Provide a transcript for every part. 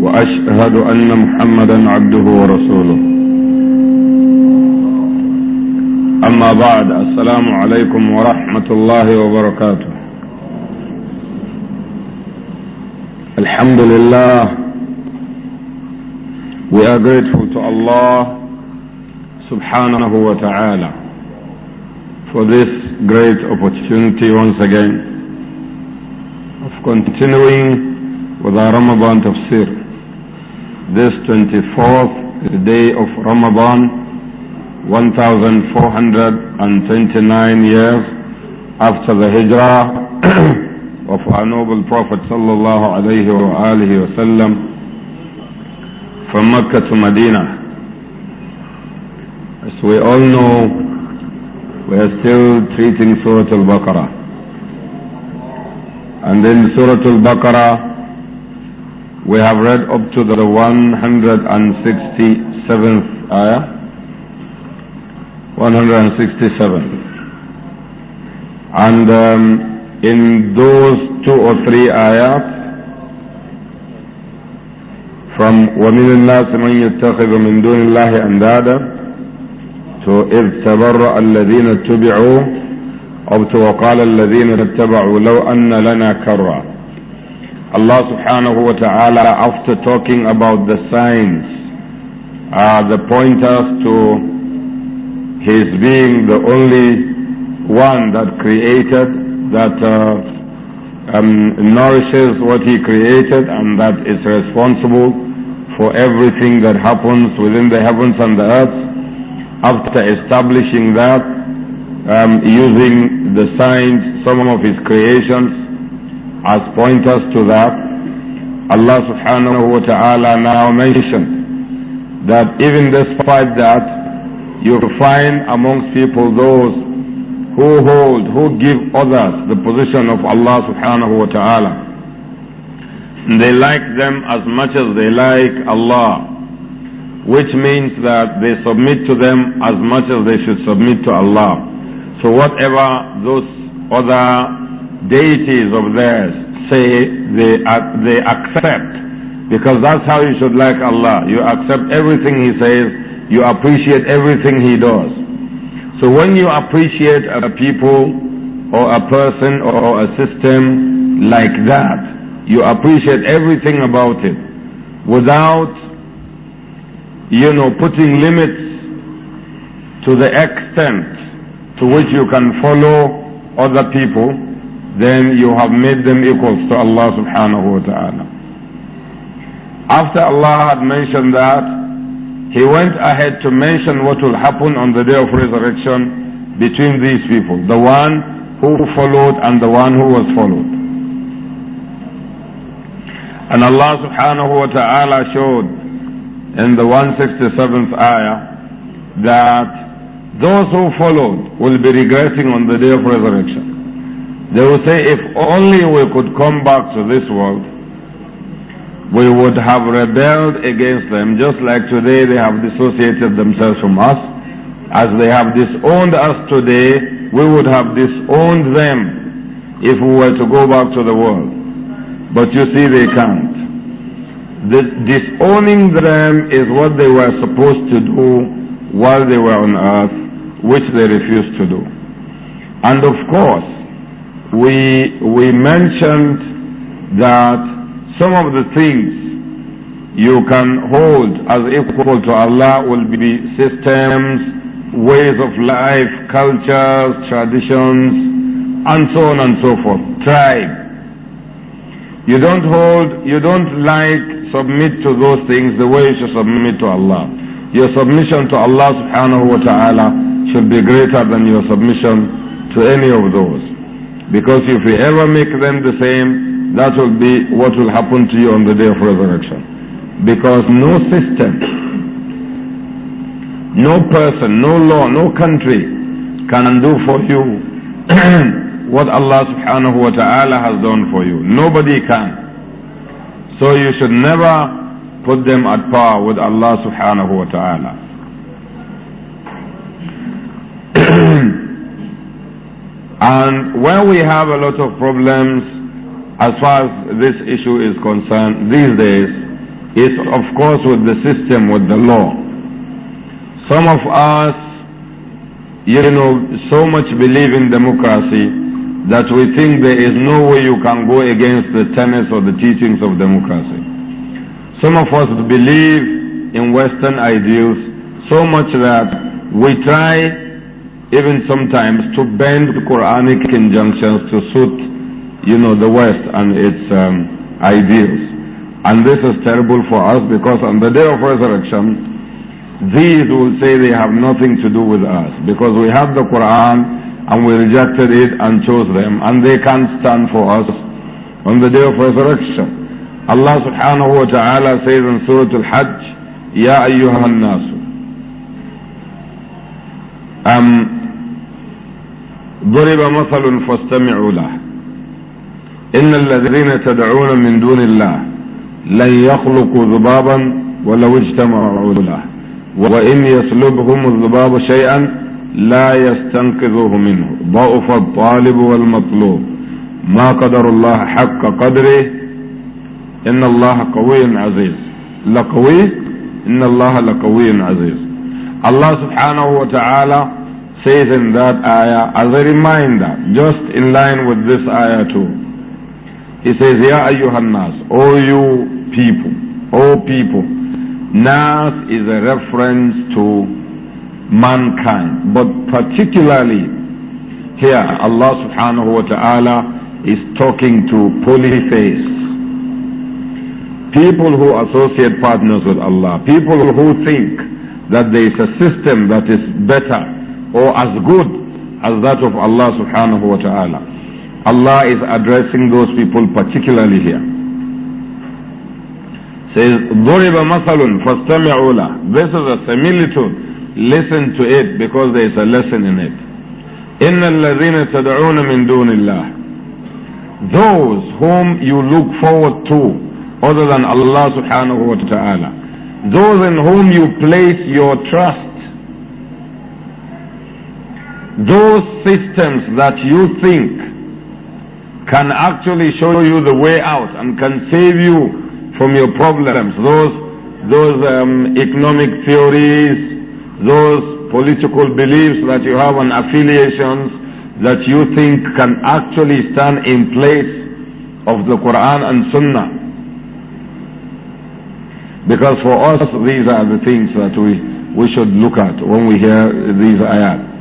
واشهد ان محمدا عبده ورسوله اما بعد السلام عليكم ورحمه الله وبركاته الحمد لله we are grateful to Allah subhanahu wa ta'ala for this great opportunity once again of continuing with our Ramadan tafsir. this 24th day of Ramadan, 1429 years after the Hijrah of our noble Prophet sallallahu alayhi wa alihi wasallam from Mecca to Medina. As we all know, we are still treating Surah Al-Baqarah. And in Surah Al-Baqarah, we have read up to the 167th ayah. 167. And um, in those two or three ayahs, from وَمِنَ النَّاسِ مَنْ يَتَّخِذُ مِنْ دُونِ اللَّهِ أَنْدَادًا to إِذْ تَبَرَّأَ الَّذِينَ اتُّبِعُوا أَوْ وَقَالَ الَّذِينَ اتَّبَعُوا لَوْ أَنَّ لَنَا كَرَّةً Allah subhanahu wa ta'ala, after talking about the signs, uh, the pointers to His being the only one that created, that uh, um, nourishes what He created, and that is responsible for everything that happens within the heavens and the earth. After establishing that, um, using the signs, some of His creations, as pointers to that, Allah subhanahu wa ta'ala now mentioned that even despite that, you find amongst people those who hold, who give others the position of Allah subhanahu wa ta'ala. They like them as much as they like Allah, which means that they submit to them as much as they should submit to Allah. So whatever those other deities of theirs say they, uh, they accept. Because that's how you should like Allah. You accept everything He says, you appreciate everything He does. So when you appreciate a people or a person or a system like that, you appreciate everything about it without, you know, putting limits to the extent to which you can follow other people then you have made them equals to Allah subhanahu wa ta'ala. After Allah had mentioned that, He went ahead to mention what will happen on the day of resurrection between these people, the one who followed and the one who was followed. And Allah subhanahu wa ta'ala showed in the 167th ayah that those who followed will be regretting on the day of resurrection. They will say, if only we could come back to this world, we would have rebelled against them, just like today they have dissociated themselves from us. As they have disowned us today, we would have disowned them if we were to go back to the world. But you see, they can't. The disowning them is what they were supposed to do while they were on earth, which they refused to do. And of course, we, we mentioned that some of the things you can hold as equal to Allah will be systems, ways of life, cultures, traditions, and so on and so forth. Tribe. You don't hold, you don't like submit to those things the way you should submit to Allah. Your submission to Allah subhanahu wa ta'ala should be greater than your submission to any of those. Because if we ever make them the same, that will be what will happen to you on the day of resurrection. Because no system, no person, no law, no country can do for you what Allah subhanahu wa ta'ala has done for you. Nobody can. So you should never put them at par with Allah subhanahu wa ta'ala. And when we have a lot of problems as far as this issue is concerned these days it's of course with the system, with the law. Some of us, you know, so much believe in democracy that we think there is no way you can go against the tenets or the teachings of democracy. Some of us believe in Western ideals so much that we try even sometimes to bend the Quranic injunctions to suit, you know, the West and its um, ideals. And this is terrible for us because on the day of resurrection, these will say they have nothing to do with us because we have the Quran and we rejected it and chose them and they can't stand for us on the day of resurrection. Allah subhanahu wa ta'ala says in Surah Al-Hajj, يَا أَيُّهَا النَّاسُ أم ضرب مثل فاستمعوا له إن الذين تدعون من دون الله لن يخلقوا ذبابا ولو اجتمعوا له وإن يسلبهم الذباب شيئا لا يستنقذوه منه ضعف الطالب والمطلوب ما قدر الله حق قدره إن الله قوي عزيز لقوي إن الله لقوي عزيز Allah subhanahu wa ta'ala says in that ayah, as a reminder, just in line with this ayah too. He says, Ya you, nas, O you people, O people. Nas is a reference to mankind, but particularly here Allah subhanahu wa ta'ala is talking to polytheists people who associate partners with Allah, people who think that there is a system that is better or as good as that of Allah subhanahu wa ta'ala. Allah is addressing those people particularly here. Says, ضرب مثل فاستمعوا له. This is a similitude. Listen to it because there is a lesson in it. إن الذين تدعون من دون الله. Those whom you look forward to other than Allah subhanahu wa ta'ala those in whom you place your trust, those systems that you think can actually show you the way out and can save you from your problems, those, those um, economic theories, those political beliefs that you have and affiliations that you think can actually stand in place of the Quran and Sunnah because for us, these are the things that we, we should look at when we hear these ayat.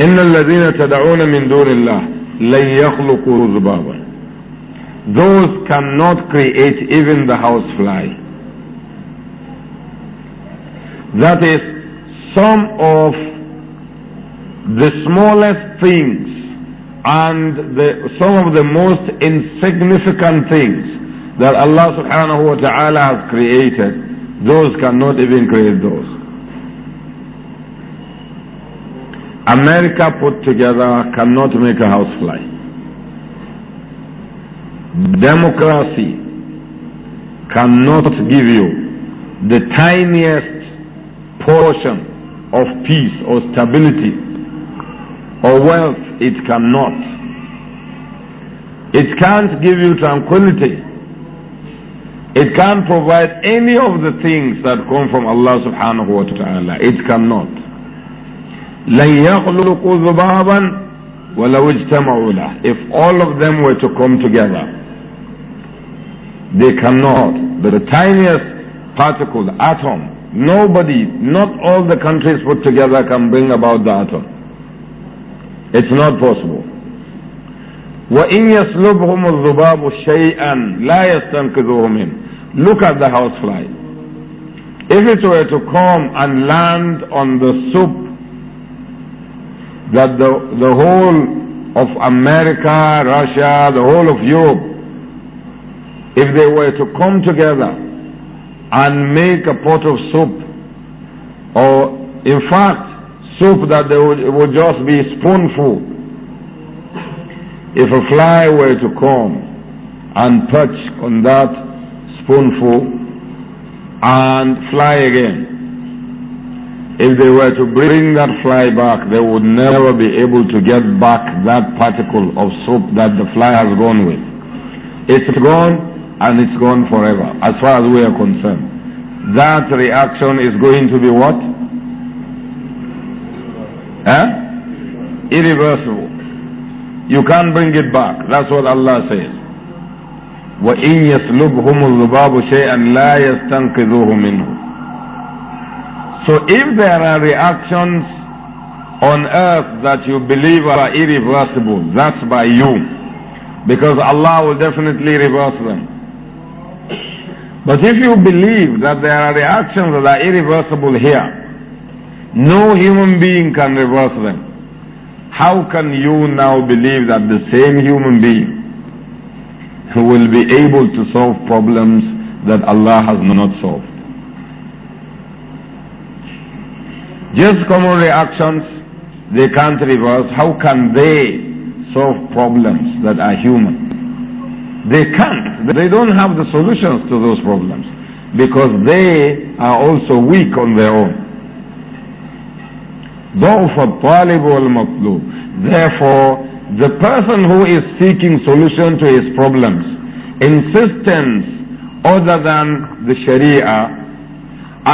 إِنَّ الَّذِينَ تَدَعُونَ مِن دُونِ اللَّهِ لَن يَخْلُقُوا ذُبَابًا Those cannot create even the housefly. That is, some of the smallest things and the, some of the most insignificant things that Allah subhanahu wa ta'ala has created, those cannot even create those. America put together cannot make a house fly. Democracy cannot give you the tiniest portion of peace or stability or wealth. It cannot. It can't give you tranquility it can't provide any of the things that come from Allah subhanahu wa ta'ala. It cannot. If all of them were to come together, they cannot. But the tiniest particle, the atom, nobody, not all the countries put together can bring about the atom. It's not possible. وَإِنْ يَسْلُبْهُمُ الذُّبَابُ شَيْئًا لَا يَسْتَنْقِذُوهُ مِنْهُ Look at the housefly. If it were to come and land on the soup that the, the whole of America, Russia, the whole of Europe, if they were to come together and make a pot of soup, or in fact, soup that they would, would just be spoonful if a fly were to come and perch on that spoonful and fly again, if they were to bring that fly back, they would never be able to get back that particle of soap that the fly has gone with. It's gone and it's gone forever, as far as we are concerned. That reaction is going to be what? Huh? Irreversible. You can't bring it back. That's what Allah says. وَإِنْ يَسْلُبْهُمُ شَيْئًا لَا يَسْتَنْقِذُوهُ مِنْهُ So if there are reactions on earth that you believe are irreversible, that's by you. Because Allah will definitely reverse them. But if you believe that there are reactions that are irreversible here, no human being can reverse them. How can you now believe that the same human being will be able to solve problems that Allah has not solved? Just common reactions, they can't reverse. How can they solve problems that are human? They can't. They don't have the solutions to those problems because they are also weak on their own. ضعف الطالب والمطلوب. Therefore, the person who is seeking solution to his problems, insistence other than the Sharia,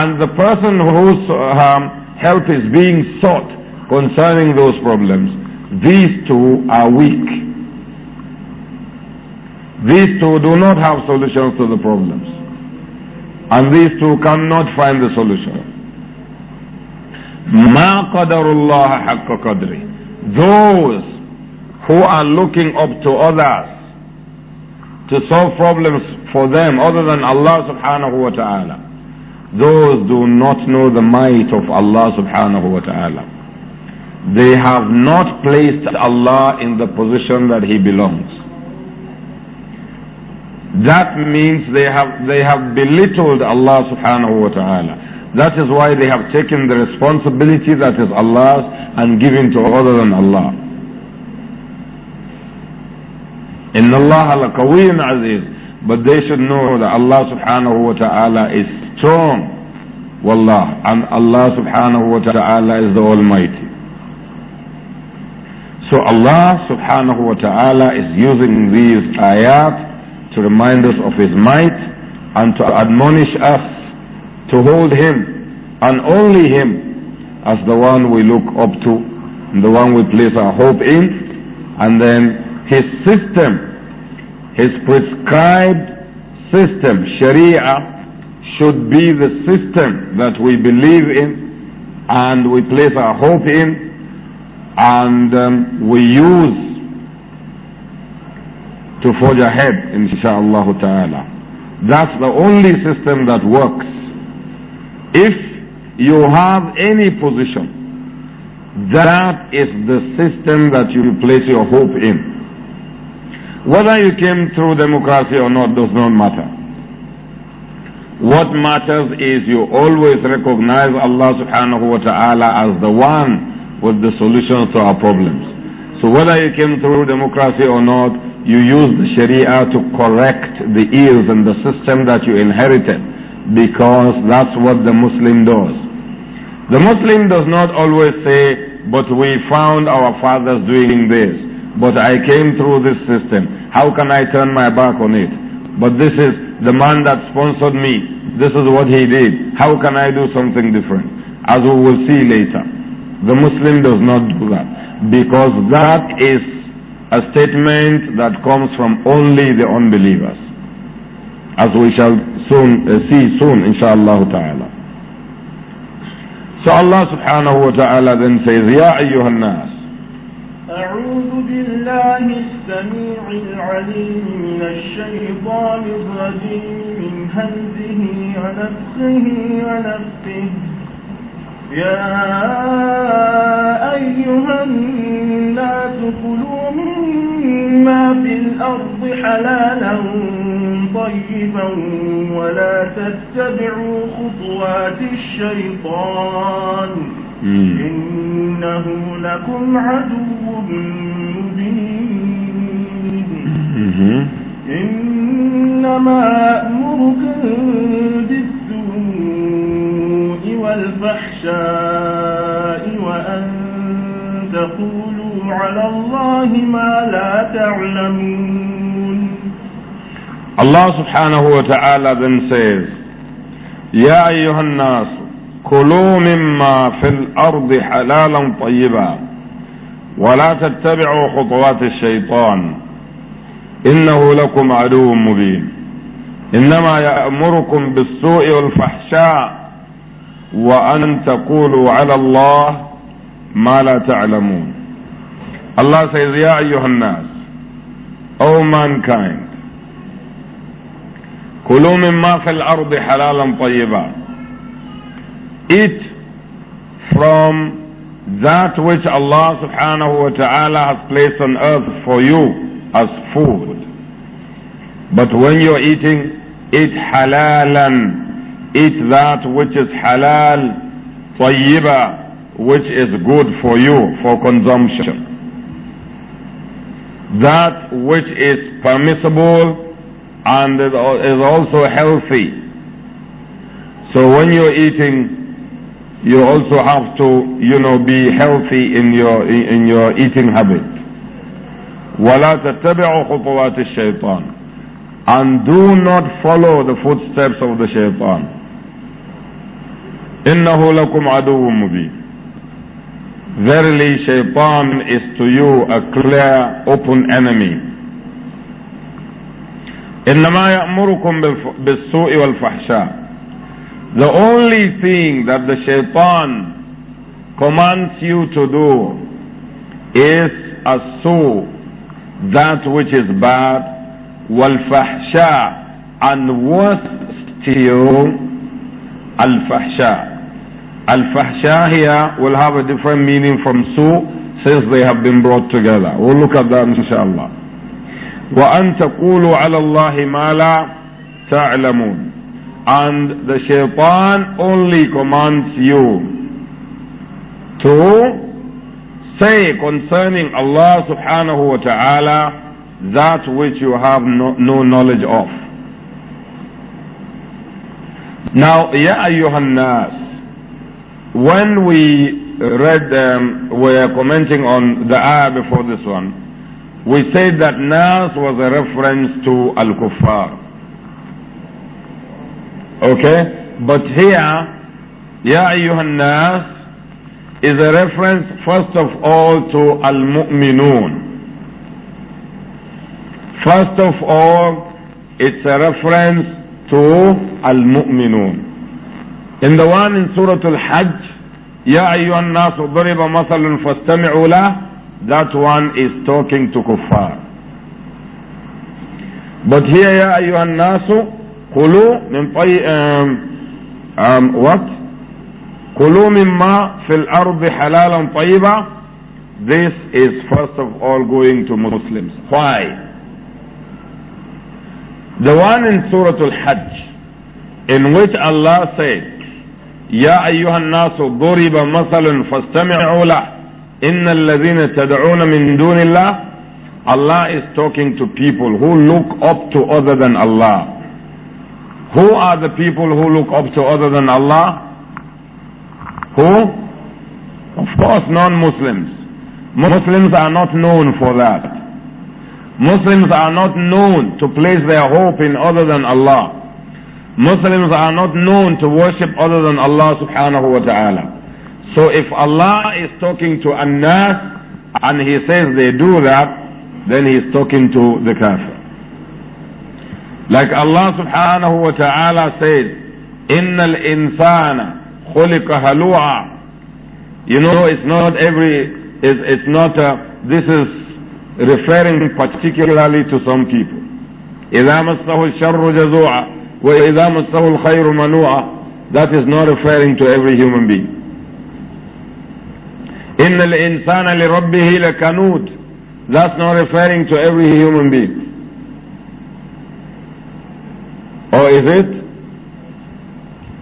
and the person whose um, help is being sought concerning those problems, these two are weak. These two do not have solutions to the problems. And these two cannot find the solution. ما قدر الله حق قدره those who are looking up to others to solve problems for them other than Allah subhanahu wa ta'ala those do not know the might of Allah subhanahu wa ta'ala they have not placed Allah in the position that He belongs. That means they have, they have belittled Allah subhanahu wa ta'ala. That is why they have taken the responsibility that is Allah's and given to other than Allah. إِنَّ اللَّهَ لَقَوِيٌّ عَزِيزٌ But they should know that Allah subhanahu wa ta'ala is strong. Wallah. And Allah subhanahu wa ta'ala is the Almighty. So Allah subhanahu wa ta'ala is using these ayat to remind us of His might and to admonish us to hold Him and only Him as the one we look up to, and the one we place our hope in, and then His system, His prescribed system, Sharia, should be the system that we believe in and we place our hope in and um, we use to forge ahead, inshallah ta'ala. That's the only system that works. If you have any position, that is the system that you place your hope in. Whether you came through democracy or not does not matter. What matters is you always recognize Allah subhanahu wa ta'ala as the one with the solutions to our problems. So whether you came through democracy or not, you use the Sharia to correct the ills and the system that you inherited because that's what the Muslim does. The Muslim does not always say, but we found our fathers doing this, but I came through this system. How can I turn my back on it? But this is the man that sponsored me. This is what he did. How can I do something different? As we will see later. The Muslim does not do that because that is a statement that comes from only the unbelievers. as we shall soon see soon, inshallah ta'ala. So Allah subhanahu wa ta'ala then says, Ya ayyuhal nas. أعوذ بالله السميع العليم من الشيطان الرجيم من همزه ونفخه ونفخه يا أيها الناس كلوا مما في الأرض حلالا طيبا ولا تتبعوا خطوات الشيطان إنه لكم عدو مبين إنما أمركم بالسوء والفحش الفحشاء وأن تقولوا على الله ما لا تعلمون الله سبحانه وتعالى then says يا أيها الناس كلوا مما في الأرض حلالا طيبا ولا تتبعوا خطوات الشيطان إنه لكم عدو مبين إنما يأمركم بالسوء والفحشاء وأن تقولوا على الله ما لا تعلمون Allah says, الناس او O mankind, كلوا مما في الأرض حلالا طيبا Eat from that which Allah subhanahu wa ta'ala has placed on earth for you as food. But when you're eating, eat halalan Eat that which is halal, tayyiba, which is good for you, for consumption. That which is permissible and is also healthy. So when you're eating, you also have to, you know, be healthy in your in your eating habit. ولا تتبعوا خطوات الشيطان and do not follow the footsteps of the shaitan. إِنَّهُ لَكُمْ عَدُوٌ مُبِينٌ Verily, shaitan is to you a clear, open enemy. إنما يأمركم بالسوء والفحشاء The only thing that the shaitan commands you to do is a so that which is bad والفحشاء عن وسط still الفحشاء fahsha al will have a different meaning from سوء since they have been brought together we'll look at that إن شاء الله وأن تقولوا على الله ما لا تعلمون and the shaitan only commands you to say concerning Allah subhanahu wa ta'ala that which you have no, no knowledge of. Now, Ya ayyuhan when we read, um, we are commenting on the ayah before this one, we said that nas was a reference to al-kuffar. Okay? But here, Ya is a reference first of all to al-mu'minun. First of all, it's a reference to Al-Mu'minun. In the one in Surah Al-Hajj, Ya ayyuhan nasu duriba masalun fastami'u that one is talking to kuffar. But here, Ya ayyuhan nasu, kulu min um, um, what? كلوا مما في الأرض حلالا طيبا This is first of all going to Muslims. Why? The one in Surah Al-Hajj, in which Allah said, يا أيها الناس ضرب مثل فاستمعوا له إن الذين تدعون من دون الله Allah is talking to people who look up to other than Allah. Who are the people who look up to other than Allah? Who? Of course, non-Muslims. Muslims are not known for that. Muslims are not known to place their hope in other than Allah. Muslims are not known to worship other than Allah subhanahu wa ta'ala. So if Allah is talking to Anas and he says they do that, then he is talking to the kafir. Like Allah subhanahu wa ta'ala says, إِنَّ الْإِنسَانَ خُلِقَ هَلُوعًا You know, it's not every, it's, it's not, a, this is referring particularly to some people. إذا مسه الشر جزوعا وإذا مسه الخير منوعا That is not referring to every human being. إن الإنسان لربه لكنود That's not referring to every human being. Or is it?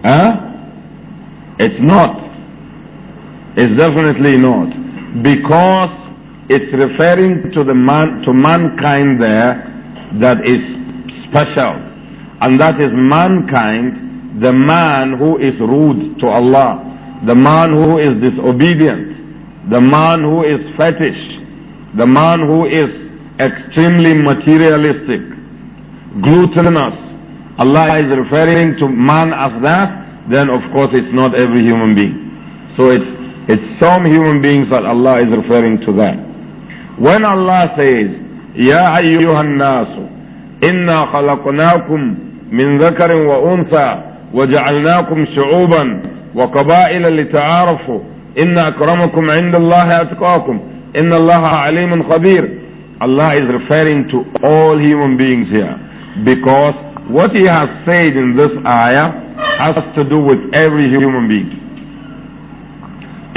Huh? It's not. It's definitely not. Because it's referring to the man, to mankind there that is special. And that is mankind, the man who is rude to Allah, the man who is disobedient, the man who is fetish, the man who is extremely materialistic, gluttonous. Allah is referring to man as that, then of course it's not every human being. So it's, it's some human beings that Allah is referring to that. When Allah says, Ya ayyuhan nasu, inna khalaqnakum min dhakarin wa untha wa ja'alnakum shu'uban wa qaba'ila lita'arafu inna akramakum inda Allah atqakum inna Allah alimun khabir. Allah is referring to all human beings here because what he has said in this ayah has to do with every human being.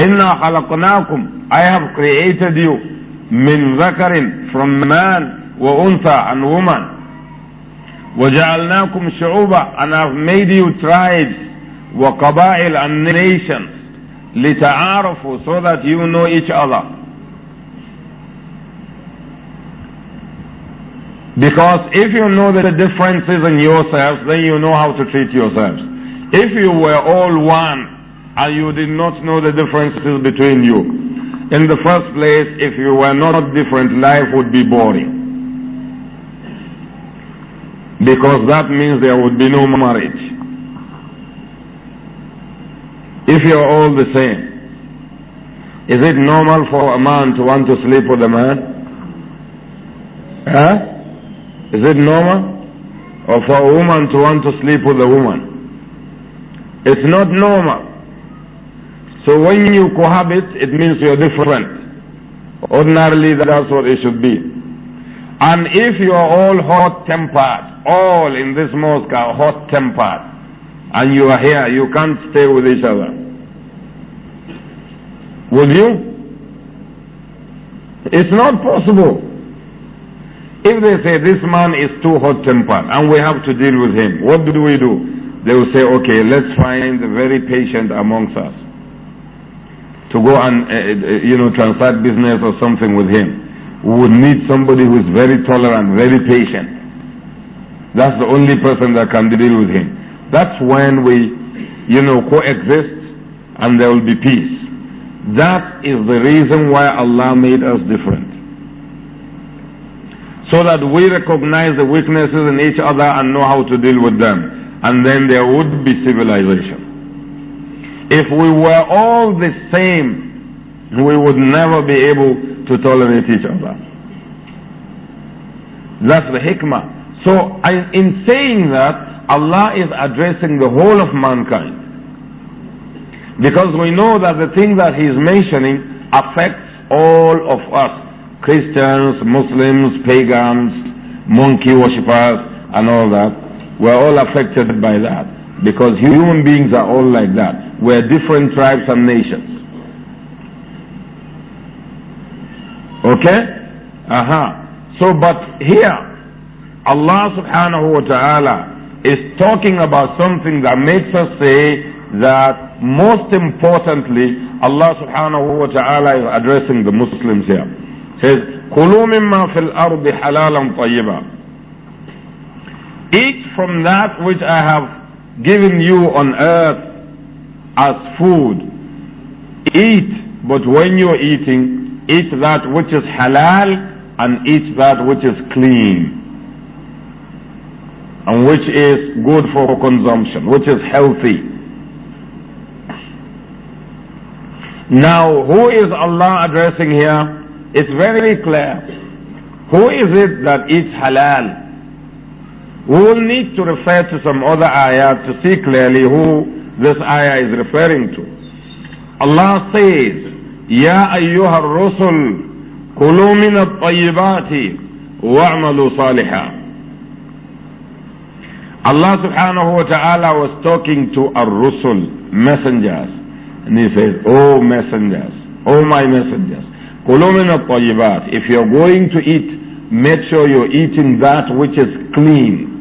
Inna khalaqnakum, I have created you من ذكر from man وأنثى and woman وجعلناكم شعوبا and I've made you tribes وقبائل and nations لتعارفوا so that you know each other Because if you know the differences in yourselves, then you know how to treat yourselves. If you were all one and you did not know the differences between you, in the first place, if you were not different, life would be boring. Because that means there would be no marriage. If you're all the same, is it normal for a man to want to sleep with a man? Huh? Is it normal? Or for a woman to want to sleep with a woman? It's not normal. So when you cohabit, it means you're different. Ordinarily, that's what it should be. And if you are all hot-tempered, all in this mosque are hot-tempered, and you are here, you can't stay with each other. Would you? It's not possible. If they say this man is too hot-tempered and we have to deal with him, what do we do? They will say, okay, let's find the very patient amongst us to go and, uh, uh, you know, transact business or something with him. We would need somebody who is very tolerant, very patient. That's the only person that can deal with him. That's when we, you know, coexist and there will be peace. That is the reason why Allah made us different. So that we recognize the weaknesses in each other and know how to deal with them. And then there would be civilization. If we were all the same, we would never be able to tolerate each other. That's the hikmah. So I, in saying that, Allah is addressing the whole of mankind. Because we know that the thing that He is mentioning affects all of us. Christians, Muslims, pagans, monkey worshippers, and all that. We're all affected by that because human beings are all like that were different tribes and nations. Okay? Aha. Uh-huh. So, but here, Allah subhanahu wa ta'ala is talking about something that makes us say that most importantly, Allah subhanahu wa ta'ala is addressing the Muslims here. He says, كُلُوا مِمَّا فِي الْأَرْضِ حَلَالًا طَيِّبًا Eat from that which I have given you on earth as food. Eat, but when you're eating, eat that which is halal and eat that which is clean and which is good for consumption, which is healthy. Now, who is Allah addressing here? It's very clear. Who is it that eats halal? We will need to refer to some other ayat to see clearly who this ayah is referring to. Allah says, "Ya أيها الرسل كلوا من الطيبات واعملوا صالحا Allah subhanahu wa ta'ala was talking to ar-rusul, messengers. And he says, Oh messengers, oh my messengers, كلوا من الطيبات. If you're going to eat, make sure you're eating that which is clean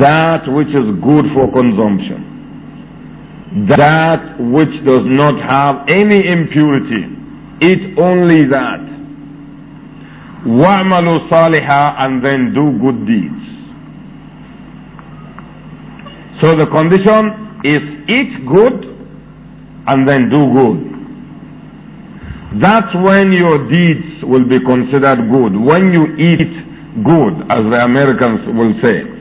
that which is good for consumption, that which does not have any impurity, eat only that. وَعْمَلُوا صَالِحًا and then do good deeds. So the condition is eat good and then do good. That's when your deeds will be considered good, when you eat good, as the Americans will say.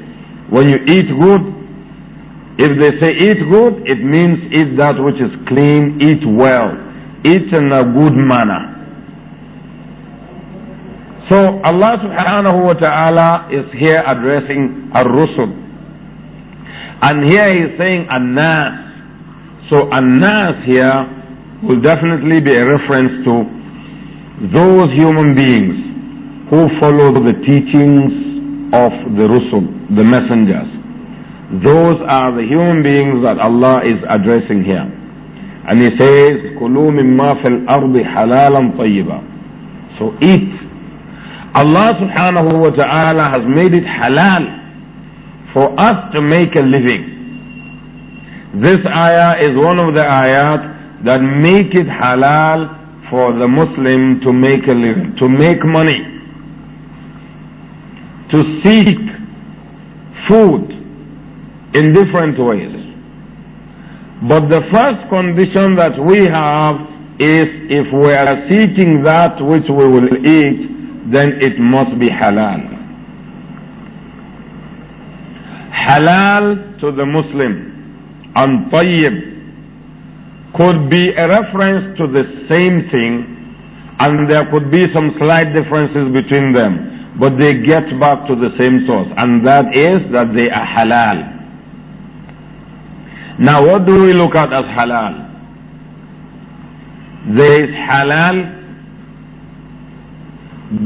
When you eat good, if they say eat good, it means eat that which is clean, eat well, eat in a good manner. So Allah subhanahu wa ta'ala is here addressing a rusul And here he's saying an-nas. So an-nas here will definitely be a reference to those human beings who follow the teachings of the Rusul, the messengers. Those are the human beings that Allah is addressing here. And He says, كُلُوا مِمَّا فِي الْأَرْضِ حَلَالًا طَيِّبًا So eat. Allah subhanahu wa ta'ala has made it halal for us to make a living. This ayah is one of the ayat that make it halal for the Muslim to make a living, to make money to seek food in different ways. But the first condition that we have is if we are seeking that which we will eat, then it must be halal. Halal to the Muslim and tayyib could be a reference to the same thing and there could be some slight differences between them. But they get back to the same source, and that is that they are halal. Now, what do we look at as halal? There is halal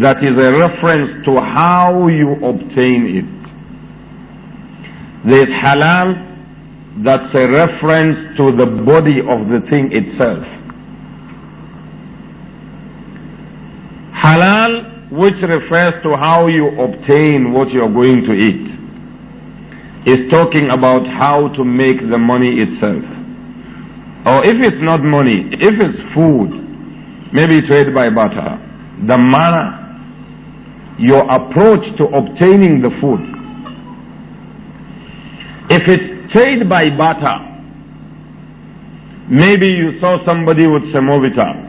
that is a reference to how you obtain it. There is halal that's a reference to the body of the thing itself. Halal which refers to how you obtain what you are going to eat, is talking about how to make the money itself. Or if it's not money, if it's food, maybe it's made by butter, the manner, your approach to obtaining the food. If it's trade by butter, maybe you saw somebody with semovita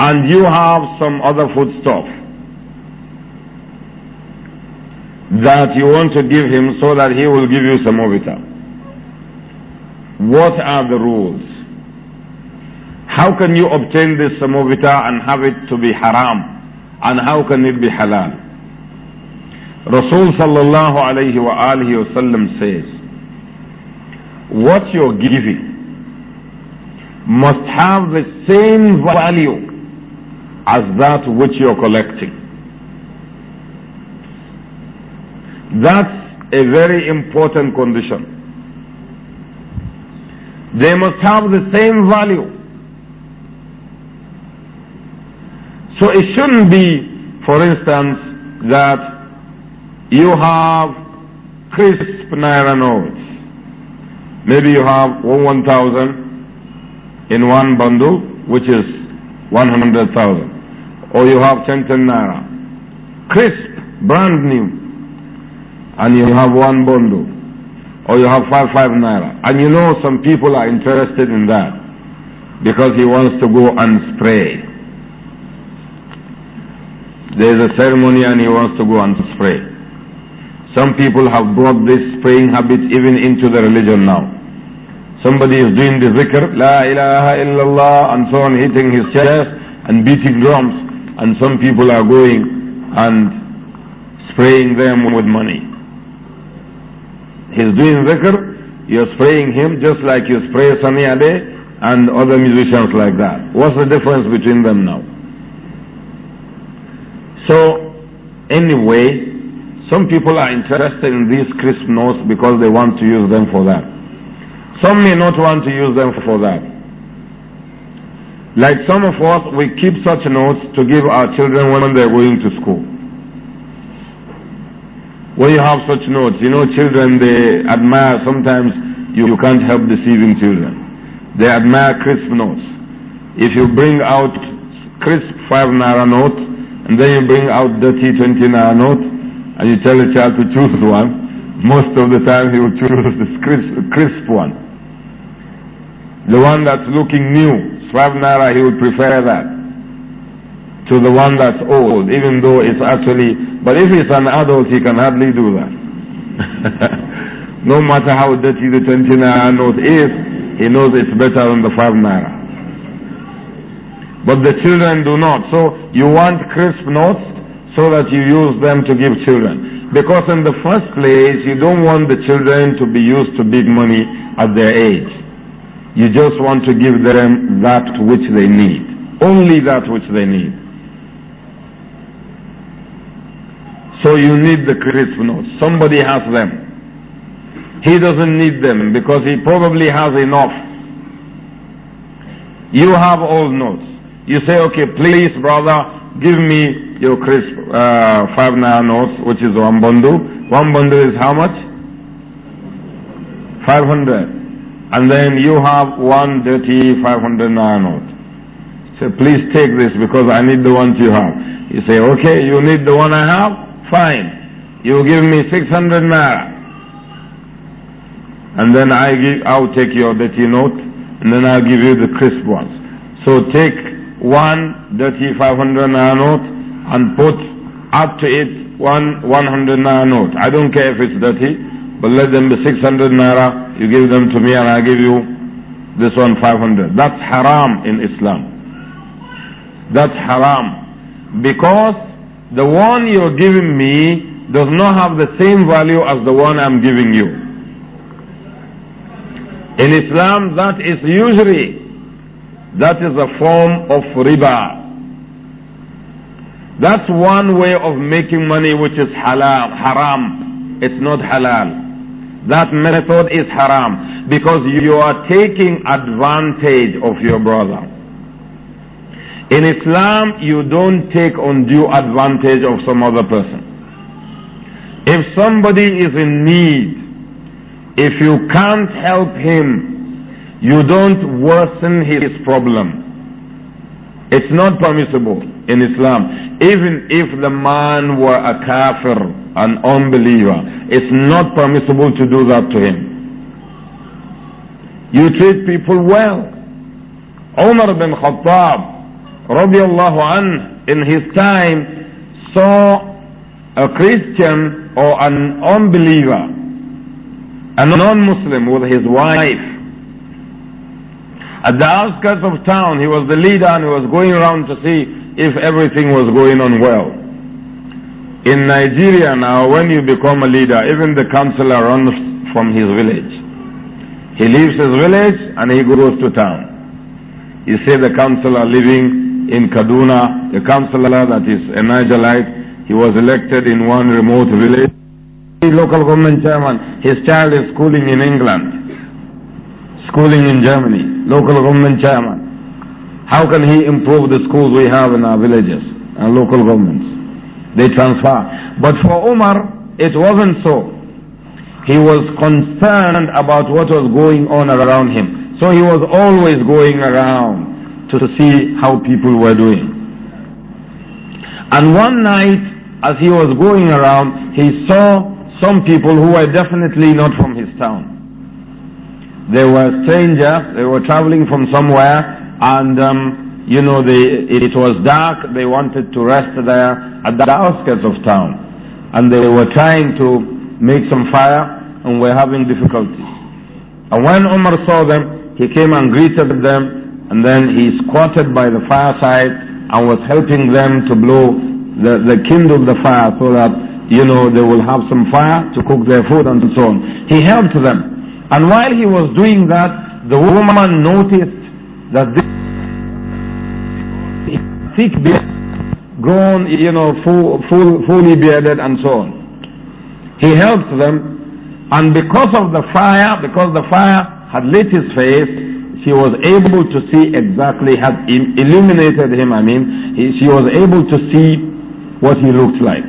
and you have some other foodstuff that you want to give him so that he will give you some of it up. What are the rules? How can you obtain this samovita and have it to be haram? And how can it be halal? Rasul sallallahu alayhi wa alihi wasallam says, what you're giving must have the same value as that which you're collecting. That's a very important condition. They must have the same value. So it shouldn't be, for instance, that you have crisp naira notes. Maybe you have 1,000 in one bundle, which is 100,000 or oh, you have 10 naira. Crisp, brand new. And you have one bundle. Or you have 5 5 naira. And you know some people are interested in that because he wants to go and spray. There's a ceremony and he wants to go and spray. Some people have brought this spraying habit even into the religion now. Somebody is doing the zikr, la ilaha illallah, and so on, hitting his chest and beating drums and some people are going and spraying them with money. He's doing zikr, you're spraying him just like you spray Sami Ade and other musicians like that. What's the difference between them now? So, anyway, some people are interested in these crisp notes because they want to use them for that. Some may not want to use them for that. Like some of us, we keep such notes to give our children when they're going to school. When you have such notes, you know children, they admire, sometimes you can't help deceiving children. They admire crisp notes. If you bring out crisp 5 naira note, and then you bring out dirty 20 naira note, and you tell a child to choose one, most of the time he will choose the crisp, crisp one. The one that's looking new, Swarnara, he would prefer that to the one that's old, even though it's actually, but if it's an adult, he can hardly do that. no matter how dirty the 20 naira note is, he knows it's better than the 5 naira. But the children do not. So you want crisp notes so that you use them to give children. Because in the first place, you don't want the children to be used to big money at their age. You just want to give them that which they need, only that which they need. So you need the crisp notes. Somebody has them. He doesn't need them because he probably has enough. You have old notes. You say, okay, please, brother, give me your crisp uh, five naira notes, which is one bundle. One bundle is how much? 500 and then you have one dirty 500 naira note. please take this because I need the one you have. You say, okay, you need the one I have? Fine. You give me 600 naira. And then I give, I'll take your dirty note and then I'll give you the crisp ones. So take one dirty 500 naira note and put up to it one 100 naira note. I don't care if it's dirty. But let them be 600 naira, you give them to me and I give you this one 500. That's haram in Islam. That's haram. Because the one you're giving me does not have the same value as the one I'm giving you. In Islam, that is usury. That is a form of riba. That's one way of making money which is halal, haram. It's not halal. That method is haram because you are taking advantage of your brother. In Islam, you don't take undue advantage of some other person. If somebody is in need, if you can't help him, you don't worsen his problem. It's not permissible in Islam. Even if the man were a kafir, an unbeliever, it's not permissible to do that to him. You treat people well. Umar bin Khattab, radiallahu anh, in his time, saw a Christian or an unbeliever, a non-Muslim with his wife. At the outskirts of town, he was the leader and he was going around to see if everything was going on well. In Nigeria now, when you become a leader, even the councillor runs from his village. He leaves his village and he goes to town. You see the councillor living in Kaduna, the councillor that is a Nigerite, he was elected in one remote village. The local government chairman, his child is schooling in England, schooling in Germany, local government chairman how can he improve the schools we have in our villages and local governments? They transfer. But for Umar, it wasn't so. He was concerned about what was going on around him. So he was always going around to see how people were doing. And one night, as he was going around, he saw some people who were definitely not from his town. They were strangers, they were traveling from somewhere, and um, you know they, it was dark they wanted to rest there at the outskirts of town and they were trying to make some fire and were having difficulties and when Umar saw them he came and greeted them and then he squatted by the fireside and was helping them to blow the, the kindle the fire so that you know they will have some fire to cook their food and so on he helped them and while he was doing that the woman noticed that this thick beard, grown, you know, full, full, fully bearded and so on. He helps them, and because of the fire, because the fire had lit his face, she was able to see exactly, had illuminated him, I mean, he, she was able to see what he looked like.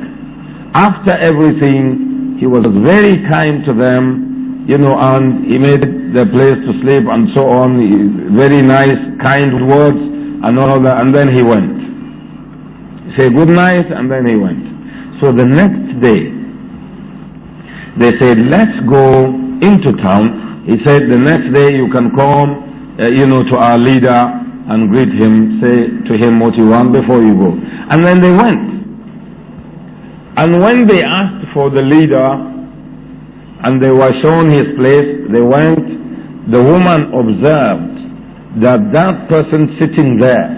After everything, he was very kind to them, you know, and he made their place to sleep and so on. Very nice, kind words and all of that. And then he went. Say good night and then he went. So the next day, they said, let's go into town. He said, the next day you can come, uh, you know, to our leader and greet him, say to him what you want before you go. And then they went. And when they asked for the leader, and they were shown his place, they went, the woman observed that that person sitting there,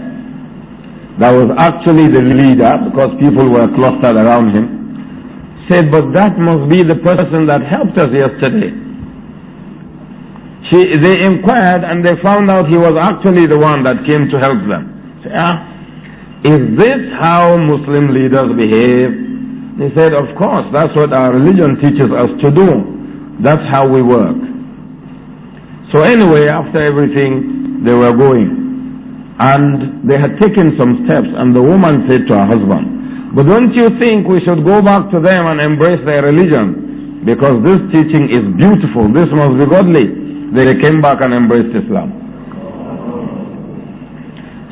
that was actually the leader because people were clustered around him, said, but that must be the person that helped us yesterday. She, they inquired and they found out he was actually the one that came to help them. Say, ah, is this how Muslim leaders behave? They said, Of course, that's what our religion teaches us to do. That's how we work. So, anyway, after everything, they were going. And they had taken some steps, and the woman said to her husband, But don't you think we should go back to them and embrace their religion? Because this teaching is beautiful, this must be godly. They came back and embraced Islam.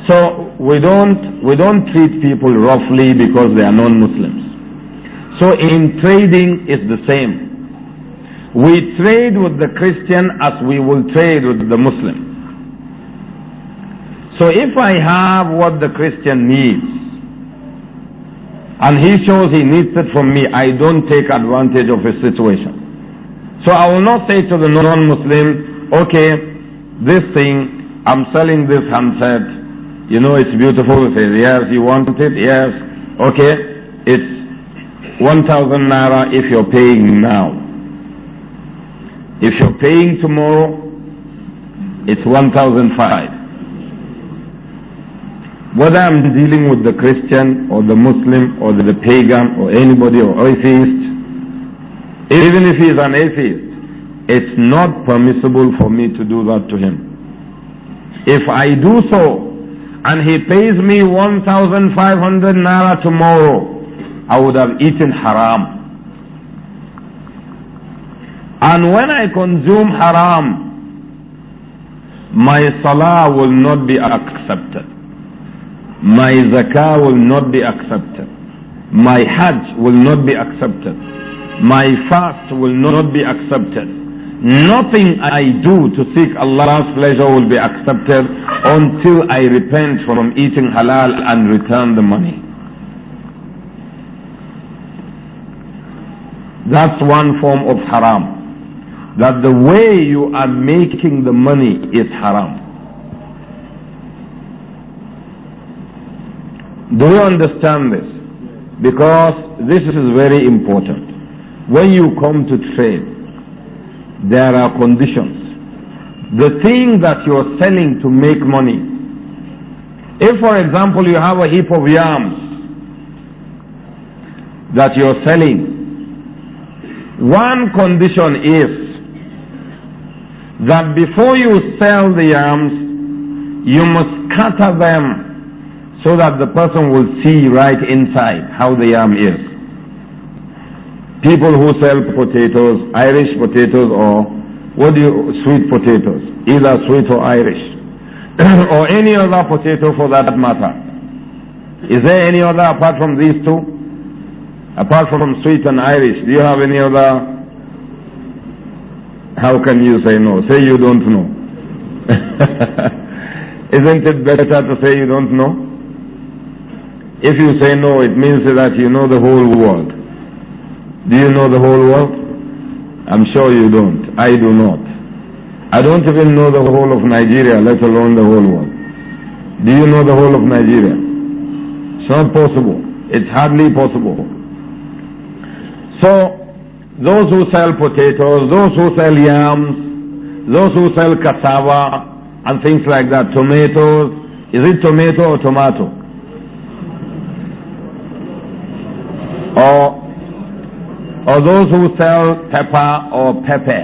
So we don't we don't treat people roughly because they are non-Muslims. So in trading it's the same. We trade with the Christian as we will trade with the Muslim. So if I have what the Christian needs, and he shows he needs it from me, I don't take advantage of his situation. So I will not say to the non-Muslim, okay, this thing, I'm selling this handset, you know it's beautiful, he says, yes, you want it, yes, okay, it's 1,000 naira if you're paying now. If you're paying tomorrow, it's 1,005. Whether I'm dealing with the Christian or the Muslim or the pagan or anybody or atheist, even if he is an atheist, it's not permissible for me to do that to him. If I do so, and he pays me 1,500 naira tomorrow, I would have eaten haram. And when I consume haram, my salah will not be accepted. My zakah will not be accepted. My hajj will not be accepted. My fast will not be accepted. Nothing I do to seek Allah's pleasure will be accepted until I repent from eating halal and return the money. That's one form of haram. That the way you are making the money is haram. Do you understand this? Because this is very important. When you come to trade, there are conditions. The thing that you're selling to make money. If, for example, you have a heap of yams that you're selling, one condition is that before you sell the yams, you must scatter them so that the person will see right inside how the yam is. People who sell potatoes, Irish potatoes or what do you, sweet potatoes, either sweet or Irish, or any other potato for that matter. Is there any other apart from these two? Apart from sweet and Irish, do you have any other? How can you say no? Say you don't know. Isn't it better to say you don't know? If you say no, it means that you know the whole world. Do you know the whole world? I'm sure you don't. I do not. I don't even know the whole of Nigeria, let alone the whole world. Do you know the whole of Nigeria? It's not possible. It's hardly possible. So, those who sell potatoes, those who sell yams, those who sell cassava and things like that, tomatoes, is it tomato or tomato? Or, or those who sell pepper or pepper.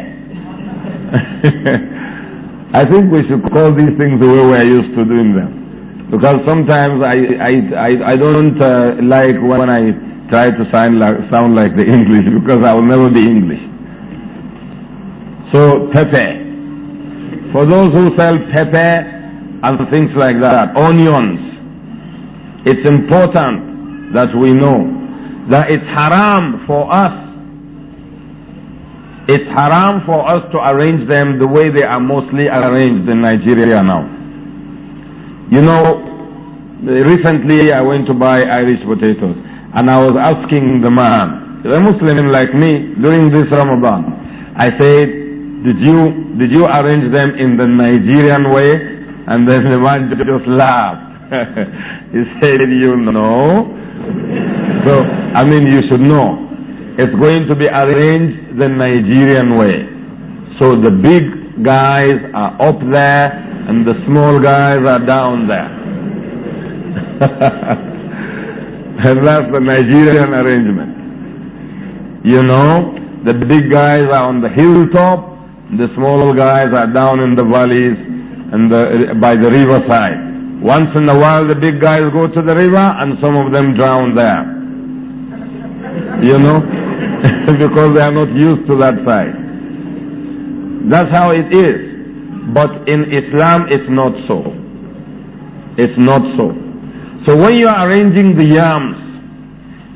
I think we should call these things the way we are used to doing them. Because sometimes I, I, I, I don't uh, like when I try to sound like, sound like the English because I will never be English. So, pepe. For those who sell pepe and things like that, onions, it's important that we know that it's haram for us. It's haram for us to arrange them the way they are mostly arranged in Nigeria now. You know, recently I went to buy Irish potatoes. And I was asking the man, a Muslim like me, during this Ramadan, I said, did you, did you arrange them in the Nigerian way? And then the man just laughed. he said, you know. so, I mean, you should know. It's going to be arranged the Nigerian way. So the big guys are up there and the small guys are down there. That's the Nigerian arrangement. You know, the big guys are on the hilltop, the smaller guys are down in the valleys and the, by the riverside. Once in a while, the big guys go to the river and some of them drown there. You know, because they are not used to that side. That's how it is. But in Islam, it's not so. It's not so. So when you are arranging the yams,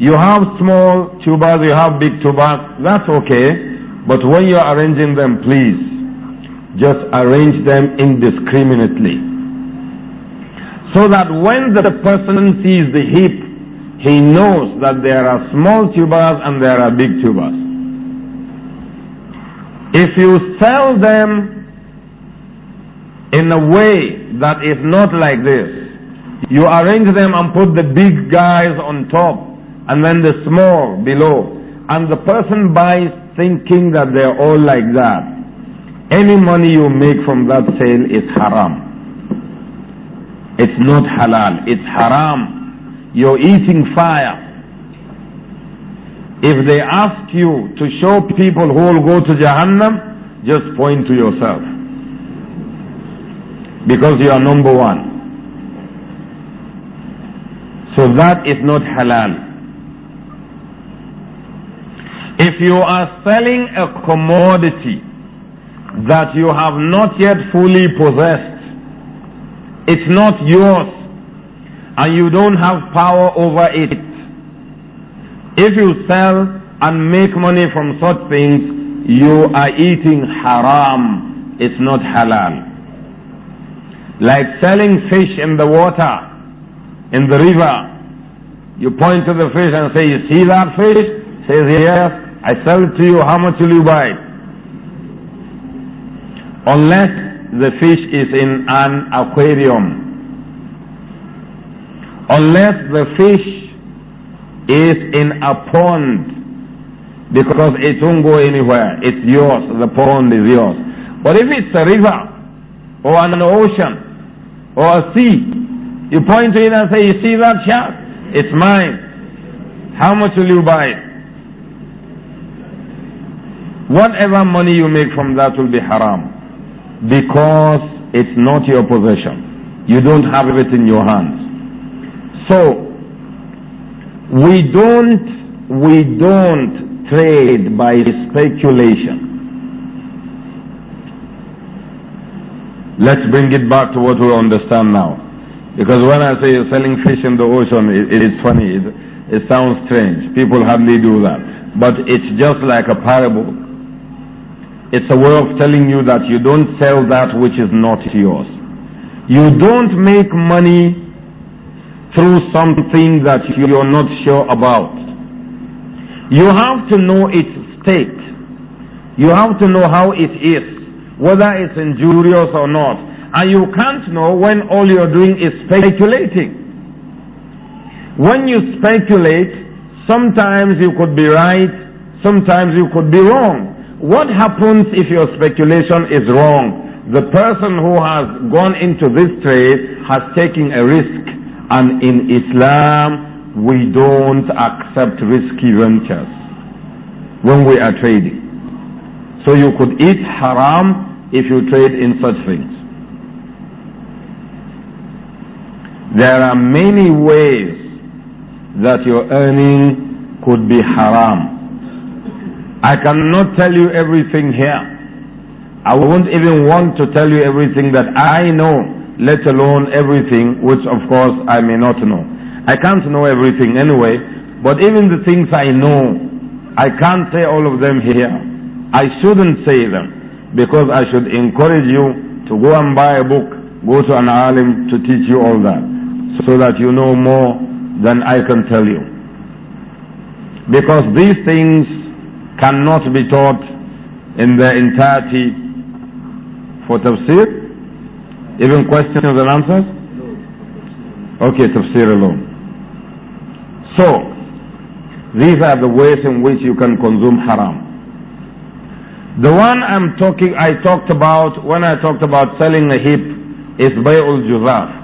you have small tubers, you have big tubers, that's okay. But when you are arranging them, please just arrange them indiscriminately. So that when the person sees the heap, he knows that there are small tubers and there are big tubers. If you sell them in a way that is not like this, you arrange them and put the big guys on top and then the small below. And the person buys thinking that they're all like that. Any money you make from that sale is haram. It's not halal, it's haram. You're eating fire. If they ask you to show people who will go to Jahannam, just point to yourself. Because you are number one. So that is not halal. If you are selling a commodity that you have not yet fully possessed, it's not yours, and you don't have power over it. If you sell and make money from such things, you are eating haram. It's not halal. Like selling fish in the water in the river. You point to the fish and say, you see that fish? Says, yes, I sell it to you, how much will you buy it? Unless the fish is in an aquarium. Unless the fish is in a pond, because it won't go anywhere. It's yours, the pond is yours. But if it's a river, or an ocean, or a sea, you point to it and say, you see that shirt? It's mine. How much will you buy it? Whatever money you make from that will be haram. Because it's not your possession. You don't have it in your hands. So, we don't, we don't trade by speculation. Let's bring it back to what we understand now. Because when I say selling fish in the ocean, it, it is funny. It, it sounds strange. People hardly do that. But it's just like a parable. It's a way of telling you that you don't sell that which is not yours. You don't make money through something that you're not sure about. You have to know its state. You have to know how it is, whether it's injurious or not and you can't know when all you're doing is speculating. When you speculate, sometimes you could be right, sometimes you could be wrong. What happens if your speculation is wrong? The person who has gone into this trade has taken a risk. And in Islam, we don't accept risky ventures when we are trading. So you could eat haram if you trade in such things. There are many ways that your earning could be haram. I cannot tell you everything here. I won't even want to tell you everything that I know, let alone everything which of course I may not know. I can't know everything anyway, but even the things I know, I can't say all of them here. I shouldn't say them because I should encourage you to go and buy a book, go to an alim to teach you all that so that you know more than I can tell you. Because these things cannot be taught in their entirety for tafsir, even questions and answers. Okay, tafsir alone. So, these are the ways in which you can consume haram. The one I'm talking, I talked about when I talked about selling a hip is bay'ul juzaf.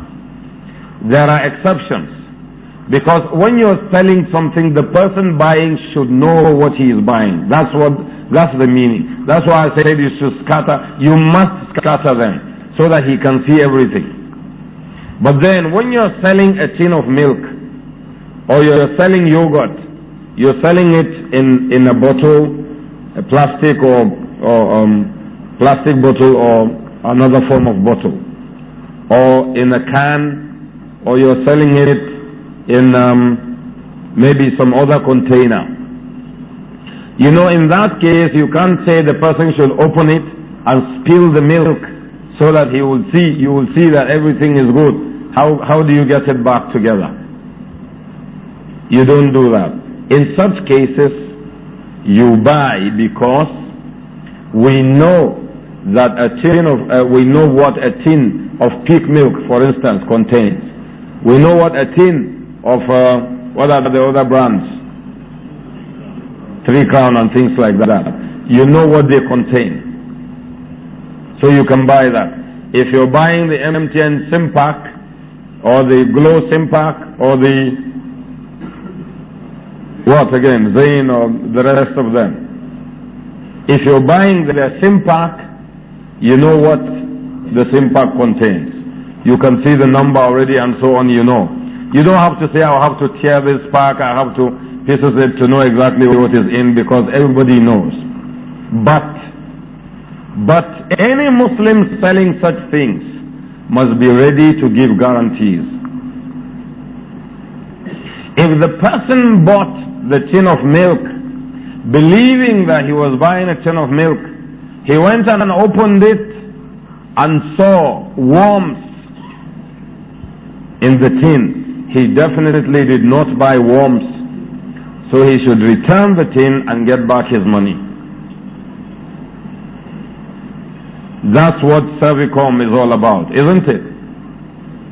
There are exceptions. Because when you're selling something, the person buying should know what he is buying. That's what, that's the meaning. That's why I said you should scatter, you must scatter them so that he can see everything. But then when you're selling a tin of milk or you're selling yogurt, you're selling it in, in a bottle, a plastic or, or um, plastic bottle or another form of bottle or in a can or you're selling it in um, maybe some other container. You know, in that case, you can't say the person should open it and spill the milk so that he will see, you will see that everything is good. How, how do you get it back together? You don't do that. In such cases, you buy because we know that a tin of, uh, we know what a tin of pig milk, for instance, contains. We know what a tin of, uh, what are the other brands? Three crown and things like that. You know what they contain. So you can buy that. If you're buying the MMTN SIM pack, or the Glow SIM pack, or the what again, Zain or the rest of them. If you're buying their SIM pack, you know what the SIM pack contains. You can see the number already and so on, you know. You don't have to say, I have to tear this pack, I have to pieces it to know exactly what is in because everybody knows. But, but any Muslim selling such things must be ready to give guarantees. If the person bought the tin of milk believing that he was buying a tin of milk, he went and opened it and saw worms in the tin. He definitely did not buy worms. So he should return the tin and get back his money. That's what Servicom is all about, isn't it?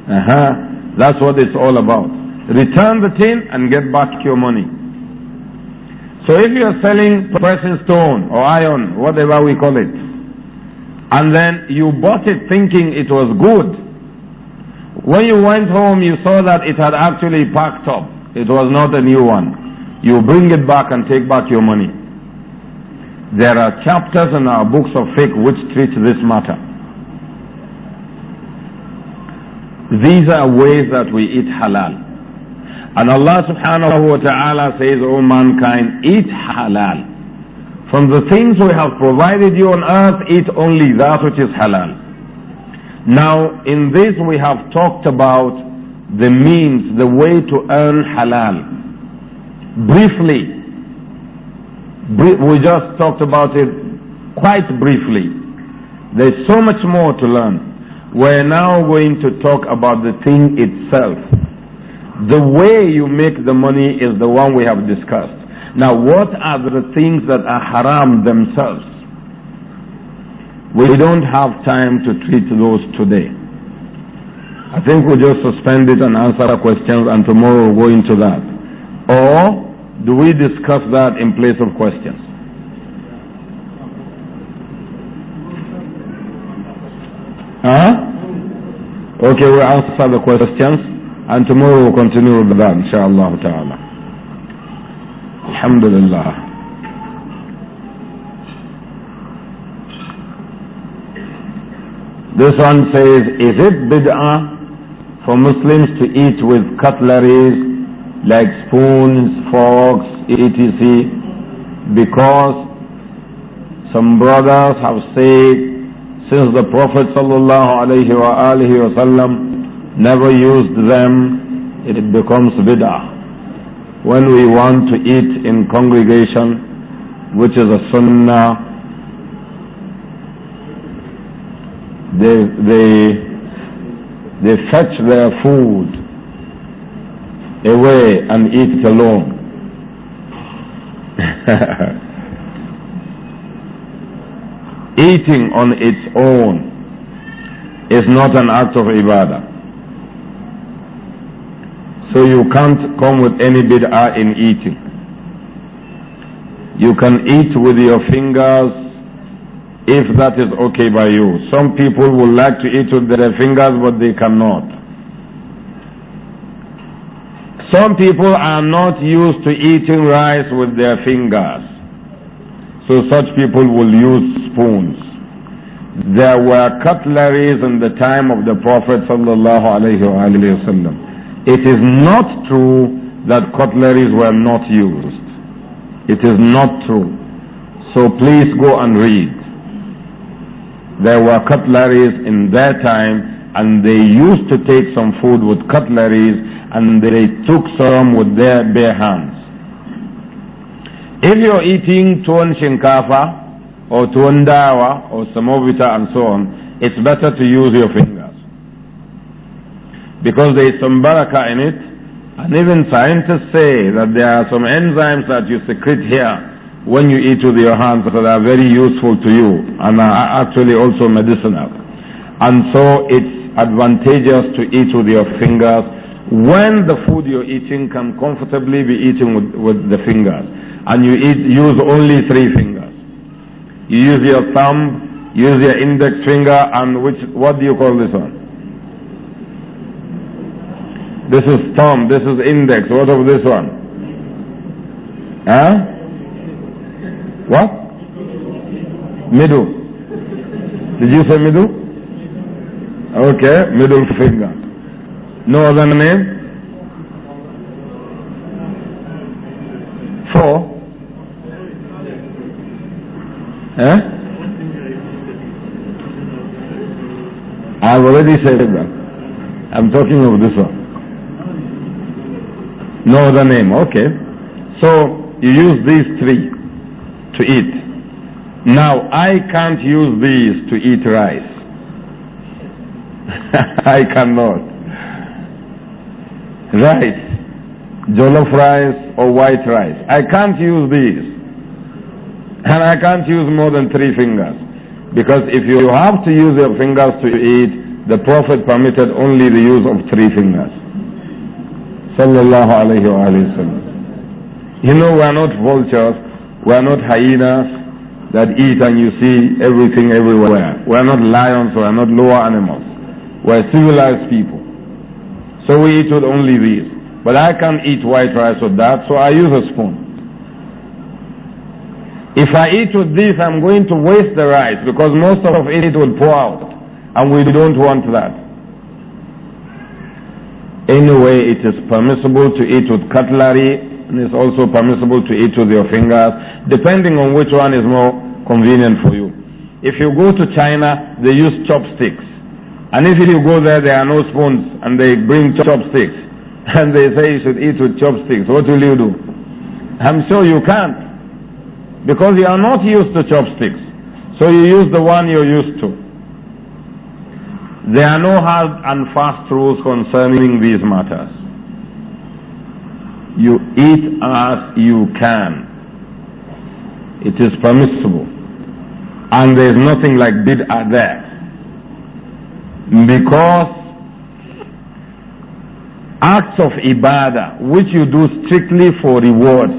Uh-huh. That's what it's all about. Return the tin and get back your money. So if you're selling precious stone or iron, whatever we call it, and then you bought it thinking it was good, when you went home, you saw that it had actually packed up. It was not a new one. You bring it back and take back your money. There are chapters in our books of fiqh which treat this matter. These are ways that we eat halal. And Allah subhanahu wa ta'ala says, O mankind, eat halal. From the things we have provided you on earth, eat only that which is halal. Now, in this we have talked about the means, the way to earn halal. Briefly, we just talked about it quite briefly. There's so much more to learn. We're now going to talk about the thing itself. The way you make the money is the one we have discussed. Now, what are the things that are haram themselves? We don't have time to treat those today. I think we'll just suspend it and answer our questions and tomorrow we'll go into that. Or do we discuss that in place of questions? Huh? Okay, we'll answer the questions and tomorrow we'll continue with that, inshallah ta'ala. Alhamdulillah. This one says, is it bid'ah for Muslims to eat with cutleries like spoons, forks, etc. Because some brothers have said, since the Prophet wasallam never used them, it becomes bid'ah. When we want to eat in congregation, which is a sunnah, They, they, they fetch their food away and eat it alone. Eating on its own is not an act of ibadah. So you can't come with any bid'ah in eating. You can eat with your fingers if that is okay by you. Some people would like to eat with their fingers, but they cannot. Some people are not used to eating rice with their fingers. So such people will use spoons. There were cutleries in the time of the Prophet sallallahu It is not true that cutleries were not used. It is not true. So please go and read. There were cutleries in their time and they used to take some food with cutleries and they took some with their bare hands. If you're eating tuwon shinkafa or tuwon dawa or samovita and so on, it's better to use your fingers. Because there is some baraka in it and even scientists say that there are some enzymes that you secrete here when you eat with your hands that are very useful to you and are actually also medicinal. And so it's advantageous to eat with your fingers when the food you're eating can comfortably be eaten with, with the fingers. And you eat, use only three fingers. You use your thumb, use your index finger, and which, what do you call this one? This is thumb, this is index. What of this one? Huh? What? Middle. Did you say middle? Okay, middle finger. No other name? Four. Eh? I've already said that. I'm talking of this one. No other name. Okay. So you use these three to eat. Now, I can't use these to eat rice. I cannot. Rice, jollof rice or white rice. I can't use these. And I can't use more than three fingers. Because if you have to use your fingers to eat, the Prophet permitted only the use of three fingers. Sallallahu alayhi wa You know, we are not vultures we are not hyenas that eat and you see everything everywhere. We are not lions, we are not lower animals. We are civilized people. So we eat with only these. But I can't eat white rice with that, so I use a spoon. If I eat with this, I'm going to waste the rice because most of it will pour out. And we don't want that. Anyway, it is permissible to eat with cutlery and it's also permissible to eat with your fingers, depending on which one is more convenient for you. If you go to China, they use chopsticks. And if you go there, there are no spoons, and they bring chopsticks. And they say you should eat with chopsticks. What will you do? I'm sure you can't. Because you are not used to chopsticks. So you use the one you're used to. There are no hard and fast rules concerning these matters you eat as you can. It is permissible. And there is nothing like bid'ah there. Because acts of ibadah, which you do strictly for rewards,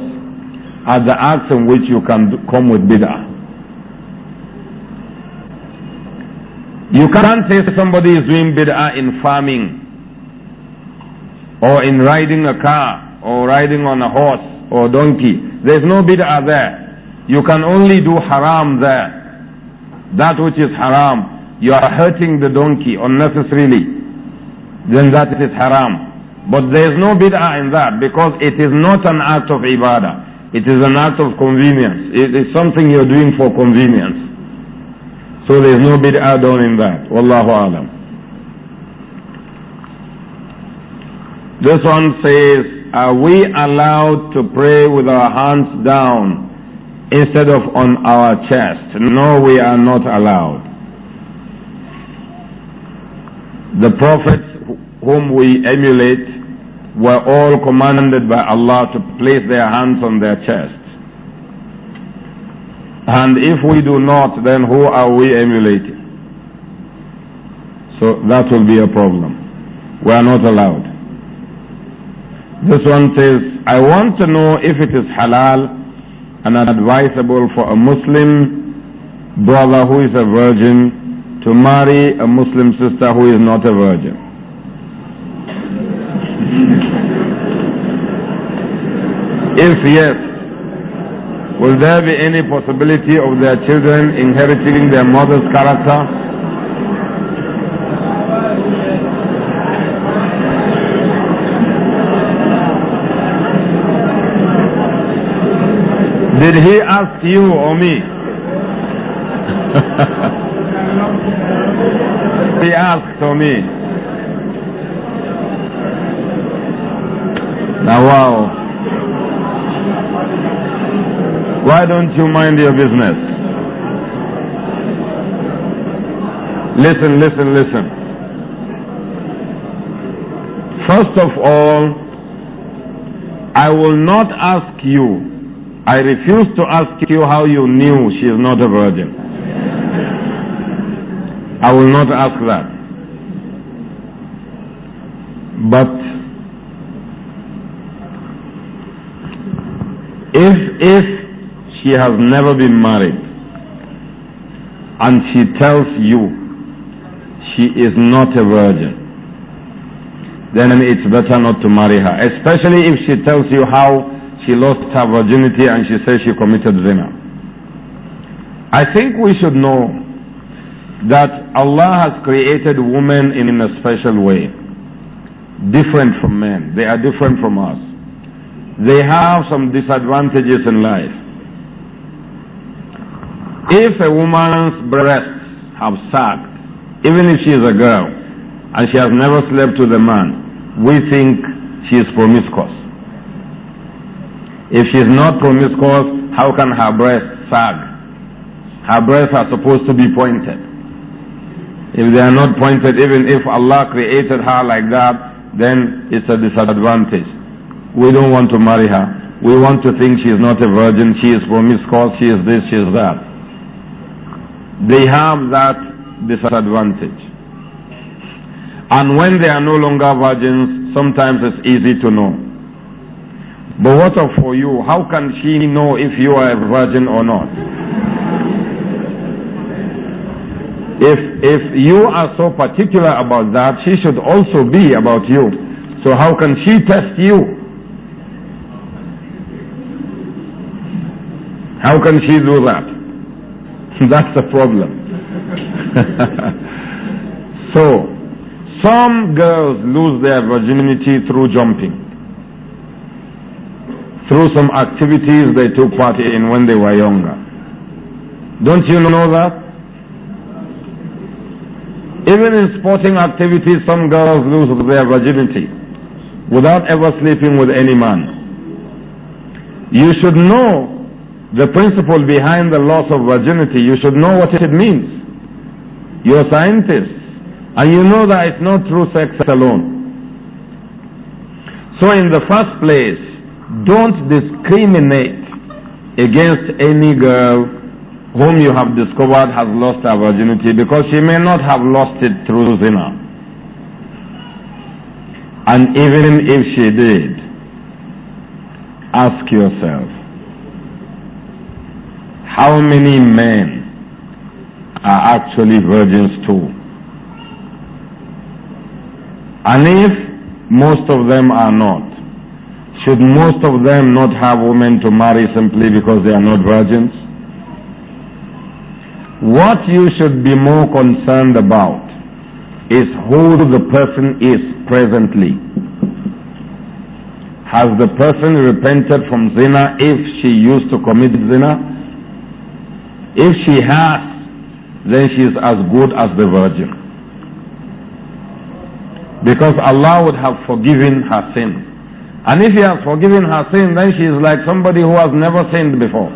are the acts in which you can do, come with bid'ah. You can't say somebody is doing bid'ah in farming or in riding a car or riding on a horse or donkey. There's no bid'ah there. You can only do haram there. That which is haram, you are hurting the donkey unnecessarily. Then that is haram. But there is no bid'ah in that because it is not an act of ibadah. It is an act of convenience. It is something you're doing for convenience. So there is no bid'ah done in that. Wallahu alam. This one says, are we allowed to pray with our hands down instead of on our chest? No, we are not allowed. The prophets whom we emulate were all commanded by Allah to place their hands on their chests. And if we do not, then who are we emulating? So that will be a problem. We are not allowed. This one says, I want to know if it is halal and advisable for a Muslim brother who is a virgin to marry a Muslim sister who is not a virgin. if yes, will there be any possibility of their children inheriting their mother's character? Did he ask you or me? he asked me. Now wow. Why don't you mind your business? Listen, listen, listen. First of all, I will not ask you I refuse to ask you how you knew she is not a virgin. I will not ask that. But if if she has never been married and she tells you she is not a virgin, then it's better not to marry her, especially if she tells you how she lost her virginity and she says she committed zina. I think we should know that Allah has created women in a special way, different from men. They are different from us. They have some disadvantages in life. If a woman's breasts have sagged, even if she is a girl, and she has never slept with a man, we think she is promiscuous. If she's not promiscuous, how can her breasts sag? Her breasts are supposed to be pointed. If they are not pointed, even if Allah created her like that, then it's a disadvantage. We don't want to marry her. We want to think she is not a virgin, she is promiscuous, she is this, she is that. They have that disadvantage. And when they are no longer virgins, sometimes it's easy to know but what of for you? How can she know if you are a virgin or not? If, if you are so particular about that, she should also be about you. So how can she test you? How can she do that? That's the problem. So, some girls lose their virginity through jumping through some activities they took part in when they were younger. Don't you know that? Even in sporting activities, some girls lose their virginity without ever sleeping with any man. You should know the principle behind the loss of virginity. You should know what it means. You're scientists, and you know that it's not through sex alone. So in the first place, don't discriminate against any girl whom you have discovered has lost her virginity because she may not have lost it through zina. And even if she did, ask yourself, how many men are actually virgins too? And if most of them are not, should most of them not have women to marry simply because they are not virgins? What you should be more concerned about is who the person is presently. Has the person repented from zina if she used to commit zina? If she has, then she is as good as the virgin. Because Allah would have forgiven her sin. And if he has forgiven her sin, then she is like somebody who has never sinned before.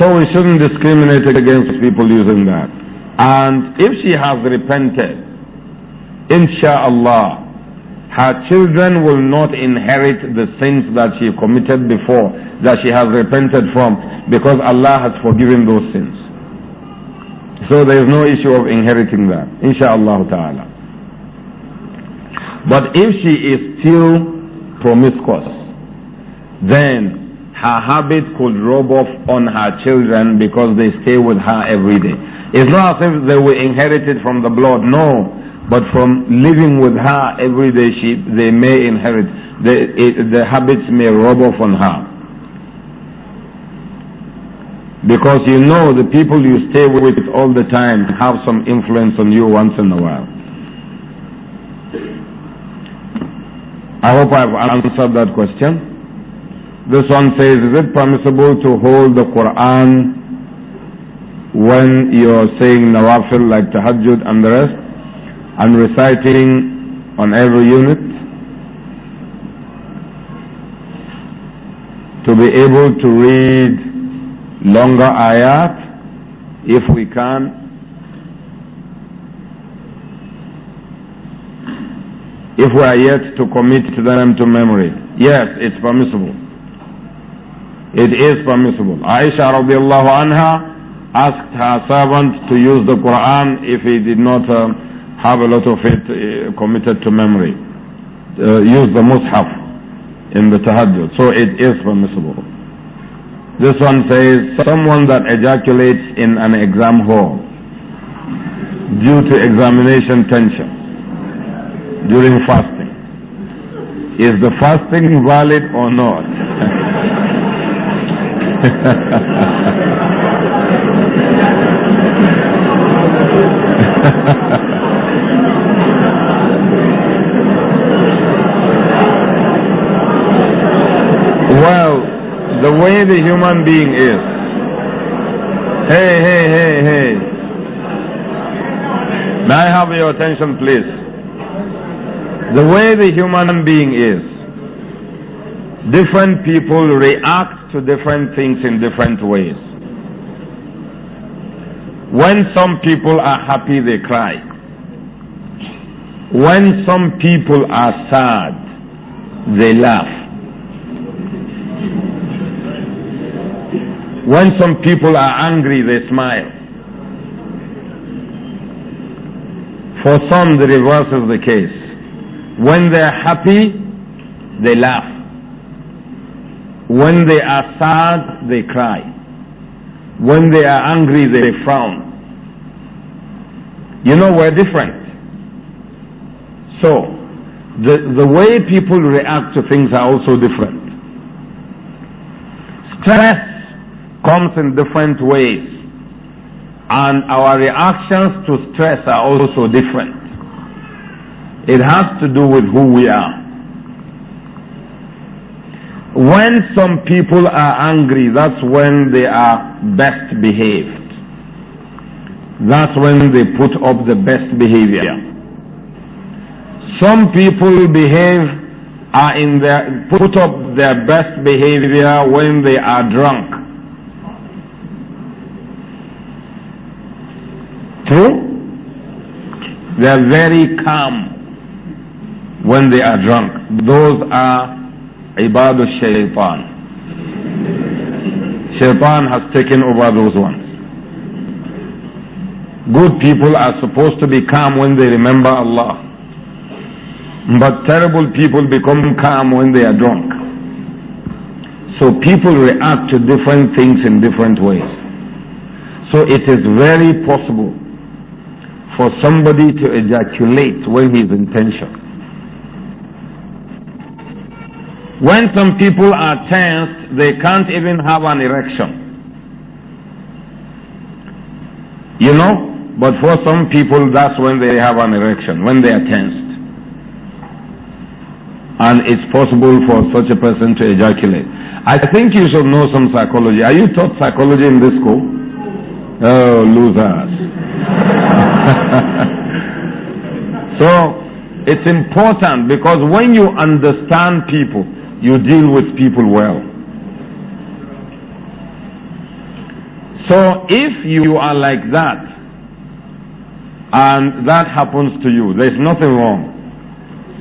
So we shouldn't discriminate against people using that. And if she has repented, insha'Allah, her children will not inherit the sins that she committed before, that she has repented from, because Allah has forgiven those sins. So there is no issue of inheriting that, insha'Allah ta'ala. But if she is still promiscuous, then her habit could rub off on her children because they stay with her every day. It's not as if they were inherited from the blood, no. But from living with her every day, she, they may inherit, the, it, the habits may rub off on her. Because you know the people you stay with all the time have some influence on you once in a while. I hope I've answered that question. This one says, is it permissible to hold the Quran when you're saying nawafil like tahajjud and the rest and reciting on every unit to be able to read longer ayat if we can if we are yet to commit to them to memory. Yes, it's permissible. It is permissible. Aisha radiallahu anha asked her servant to use the Quran if he did not uh, have a lot of it uh, committed to memory. Uh, use the Mus'haf in the Tahajjud. So it is permissible. This one says, someone that ejaculates in an exam hall due to examination tension during fasting. Is the fasting valid or not? well, the way the human being is. Hey, hey, hey, hey. May I have your attention, please? The way the human being is, different people react to different things in different ways. When some people are happy, they cry. When some people are sad, they laugh. When some people are angry, they smile. For some, the reverse is the case. When they are happy, they laugh. When they are sad, they cry. When they are angry, they frown. You know, we're different. So, the, the way people react to things are also different. Stress comes in different ways, and our reactions to stress are also different. It has to do with who we are. When some people are angry, that's when they are best behaved. That's when they put up the best behavior. Some people behave, are in their, put up their best behavior when they are drunk. True? They are very calm when they are drunk. Those are ibadu shaytan Shaytan has taken over those ones. Good people are supposed to be calm when they remember Allah. But terrible people become calm when they are drunk. So people react to different things in different ways. So it is very possible for somebody to ejaculate when he is When some people are tensed, they can't even have an erection. You know? But for some people, that's when they have an erection, when they are tensed. And it's possible for such a person to ejaculate. I think you should know some psychology. Are you taught psychology in this school? Oh, losers. So it's important because when you understand people, you deal with people well. So if you are like that, and that happens to you, there's nothing wrong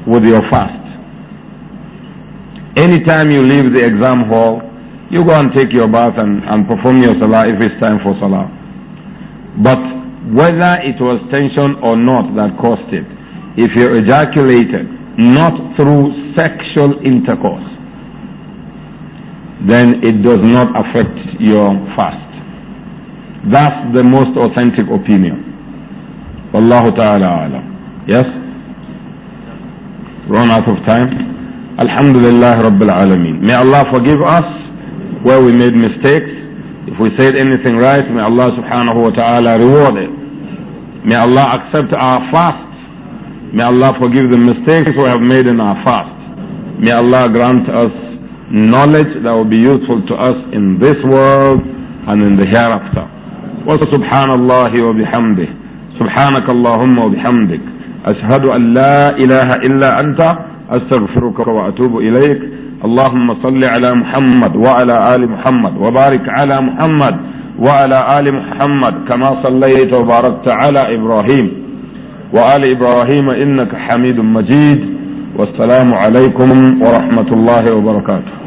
with your fast. Anytime you leave the exam hall, you go and take your bath and, and perform your salah if it's time for salah. But whether it was tension or not that caused it, if you ejaculated, not through sexual intercourse, then it does not affect your fast. That's the most authentic opinion. Wallahu ta'ala alam. Yes? Run out of time. Alhamdulillah Rabbil Alameen. May Allah forgive us where we made mistakes. If we said anything right, may Allah subhanahu wa ta'ala reward it. May Allah accept our fast May Allah forgive the mistakes we have made in our fast. May Allah grant us knowledge that will be useful to us in this world and in the hereafter. وسبحان الله وبحمده سبحانك اللهم وبحمدك أشهد أن لا إله إلا أنت أستغفرك وأتوب إليك اللهم صل على محمد وعلى آل محمد وبارك على محمد وعلى آل محمد كما صليت وباركت على إبراهيم وآل إبراهيم إنك حميد مجيد والسلام عليكم ورحمة الله وبركاته